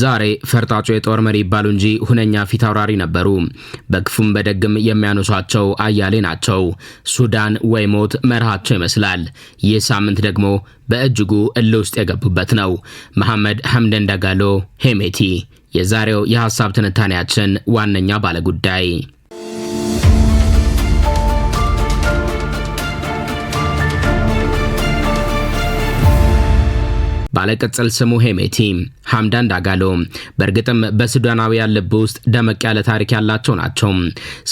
ዛሬ ፈርጣጩ የጦር መሪ ይባሉ እንጂ ሁነኛ ፊት አውራሪ ነበሩ። በክፉም በደግም የሚያነሷቸው አያሌ ናቸው። ሱዳን ወይ ሞት መርሃቸው ይመስላል። ይህ ሳምንት ደግሞ በእጅጉ እልህ ውስጥ የገቡበት ነው። መሐመድ ሐምደን ዳጋሎ ሄሜቲ የዛሬው የሐሳብ ትንታኔያችን ዋነኛ ባለጉዳይ ባለቅጽል ስሙ ሄሜቲ ሐምዳን ዳጋሎ በእርግጥም በሱዳናዊ ልብ ውስጥ ደመቅ ያለ ታሪክ ያላቸው ናቸው።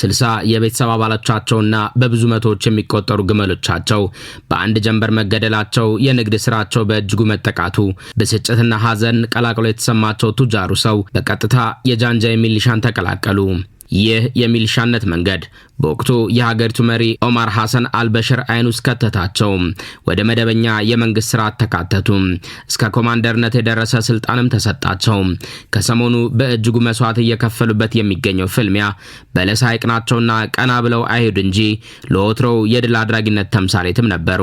ስልሳ የቤተሰብ አባሎቻቸውና በብዙ መቶዎች የሚቆጠሩ ግመሎቻቸው በአንድ ጀንበር መገደላቸው፣ የንግድ ስራቸው በእጅጉ መጠቃቱ፣ ብስጭትና ሐዘን ቀላቅሎ የተሰማቸው ቱጃሩ ሰው በቀጥታ የጃንጃ ሚሊሻን ተቀላቀሉ። ይህ የሚልሻነት መንገድ በወቅቱ የሀገሪቱ መሪ ኦማር ሐሰን አልበሽር አይን ውስጥ ከተታቸው። ወደ መደበኛ የመንግስት ስርዓት ተካተቱ። እስከ ኮማንደርነት የደረሰ ስልጣንም ተሰጣቸው። ከሰሞኑ በእጅጉ መስዋዕት እየከፈሉበት የሚገኘው ፍልሚያ በለሳ ይቅናቸውና ቀና ብለው አይሄዱ እንጂ ለወትሮው የድል አድራጊነት ተምሳሌትም ነበሩ።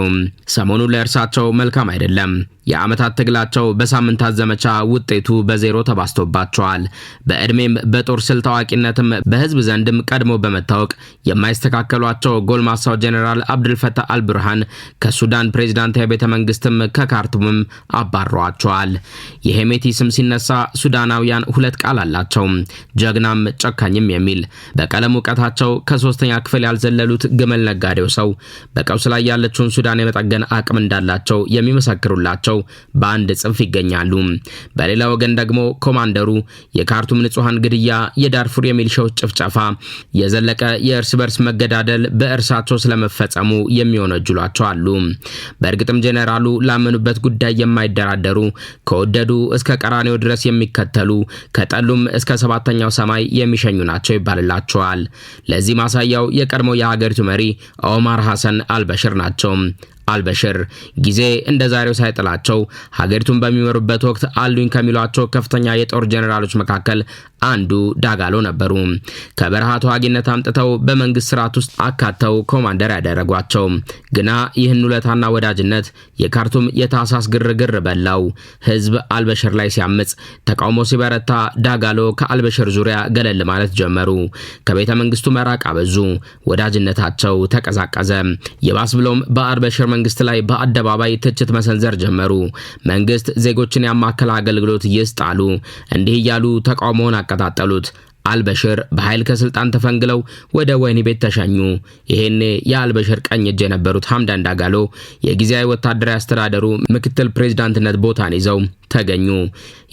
ሰሞኑ ለእርሳቸው መልካም አይደለም። የዓመታት ትግላቸው በሳምንታት ዘመቻ ውጤቱ በዜሮ ተባስቶባቸዋል። በዕድሜም በጦር ስል ታዋቂነትም በህዝብ ዘንድም ቀድሞ በመታወቅ የማይስተካከሏቸው ጎልማሳው ጀኔራል አብድልፈታህ አልብርሃን ከሱዳን ፕሬዚዳንታዊ ቤተ መንግስትም ከካርቱምም አባረዋቸዋል። የሄሜቲ ስም ሲነሳ ሱዳናውያን ሁለት ቃል አላቸው፣ ጀግናም ጨካኝም የሚል በቀለም እውቀታቸው ከሶስተኛ ክፍል ያልዘለሉት ግመል ነጋዴው ሰው በቀውስ ላይ ያለችውን ሱዳን የመጠገን አቅም እንዳላቸው የሚመሰክሩላቸው ተይዘው በአንድ ጽንፍ ይገኛሉ። በሌላ ወገን ደግሞ ኮማንደሩ የካርቱም ንጹሐን ግድያ፣ የዳርፉር የሚልሻዎች ጭፍጨፋ፣ የዘለቀ የእርስ በርስ መገዳደል በእርሳቸው ስለመፈጸሙ የሚወነጅሏቸው አሉ። በእርግጥም ጄኔራሉ ላመኑበት ጉዳይ የማይደራደሩ ከወደዱ እስከ ቀራኔው ድረስ የሚከተሉ ከጠሉም እስከ ሰባተኛው ሰማይ የሚሸኙ ናቸው ይባልላቸዋል። ለዚህ ማሳያው የቀድሞ የሀገሪቱ መሪ ኦማር ሐሰን አልበሽር ናቸው። አልበሽር ጊዜ እንደ ዛሬው ሳይጥላቸው ሀገሪቱን በሚመሩበት ወቅት አሉኝ ከሚሏቸው ከፍተኛ የጦር ጀኔራሎች መካከል አንዱ ዳጋሎ ነበሩ። ከበረሃ ተዋጊነት አምጥተው በመንግስት ስርዓት ውስጥ አካተው ኮማንደር ያደረጓቸው ግና ይህን ውለታና ወዳጅነት የካርቱም የታሳስ ግርግር በላው። ህዝብ አልበሽር ላይ ሲያምጽ፣ ተቃውሞ ሲበረታ ዳጋሎ ከአልበሽር ዙሪያ ገለል ማለት ጀመሩ። ከቤተ መንግስቱ መራቅ አበዙ። ወዳጅነታቸው ተቀዛቀዘ። የባስ ብሎም በአልበሽር መንግስት ላይ በአደባባይ ትችት መሰንዘር ጀመሩ። መንግስት ዜጎችን ያማከለ አገልግሎት ይስጥ አሉ። እንዲህ እያሉ ተቃውሞውን አቀጣጠሉት። አልበሽር በኃይል ከስልጣን ተፈንግለው ወደ ወህኒ ቤት ተሸኙ። ይሄኔ የአልበሽር ቀኝ እጅ የነበሩት ሐምዳን ዳጋሎ የጊዜያዊ ወታደራዊ አስተዳደሩ ምክትል ፕሬዚዳንትነት ቦታን ይዘው ተገኙ።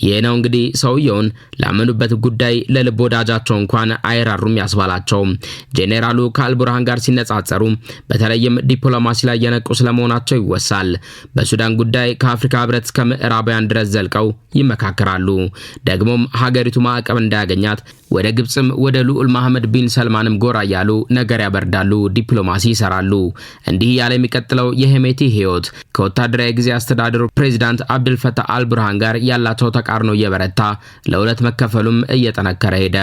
ይህ ነው እንግዲህ ሰውየውን ላመኑበት ጉዳይ ለልብ ወዳጃቸው እንኳን አይራሩም ያስባላቸው። ጄኔራሉ ከአልቡርሃን ጋር ሲነጻጸሩ በተለይም ዲፕሎማሲ ላይ የነቁ ስለመሆናቸው ይወሳል። በሱዳን ጉዳይ ከአፍሪካ ህብረት እስከ ምዕራባውያን ድረስ ዘልቀው ይመካከራሉ። ደግሞም ሀገሪቱ ማዕቀብ እንዳያገኛት ወደ ግብፅም ወደ ልዑል መሐመድ ቢን ሰልማንም ጎራ እያሉ ነገር ያበርዳሉ፣ ዲፕሎማሲ ይሰራሉ። እንዲህ ያለ የሚቀጥለው የሄሜቲ ህይወት ከወታደራዊ ጊዜ አስተዳደሩ ፕሬዚዳንት አብድልፈታህ አልብርሃን ጋር ያላቸው ተቃርኖ እየበረታ ለሁለት መከፈሉም እየጠነከረ ሄደ።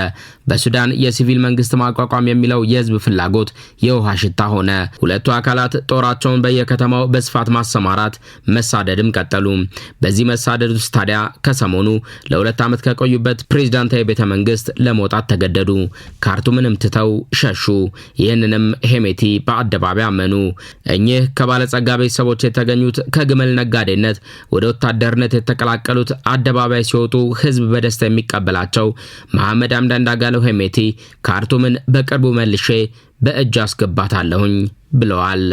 በሱዳን የሲቪል መንግስት ማቋቋም የሚለው የህዝብ ፍላጎት የውሃ ሽታ ሆነ። ሁለቱ አካላት ጦራቸውን በየከተማው በስፋት ማሰማራት፣ መሳደድም ቀጠሉ። በዚህ መሳደድ ውስጥ ታዲያ ከሰሞኑ ለሁለት ዓመት ከቆዩበት ፕሬዚዳንታዊ ቤተ መንግስት ለሞ ለመውጣት ተገደዱ። ካርቱምንም ትተው ሸሹ። ይህንንም ሄሜቲ በአደባባይ አመኑ። እኚህ ከባለጸጋ ቤተሰቦች የተገኙት ከግመል ነጋዴነት ወደ ወታደርነት የተቀላቀሉት አደባባይ ሲወጡ ህዝብ በደስታ የሚቀበላቸው መሐመድ አምዳንድ አጋለው ሄሜቲ ካርቱምን በቅርቡ መልሼ በእጅ አስገባታለሁኝ ብለዋል።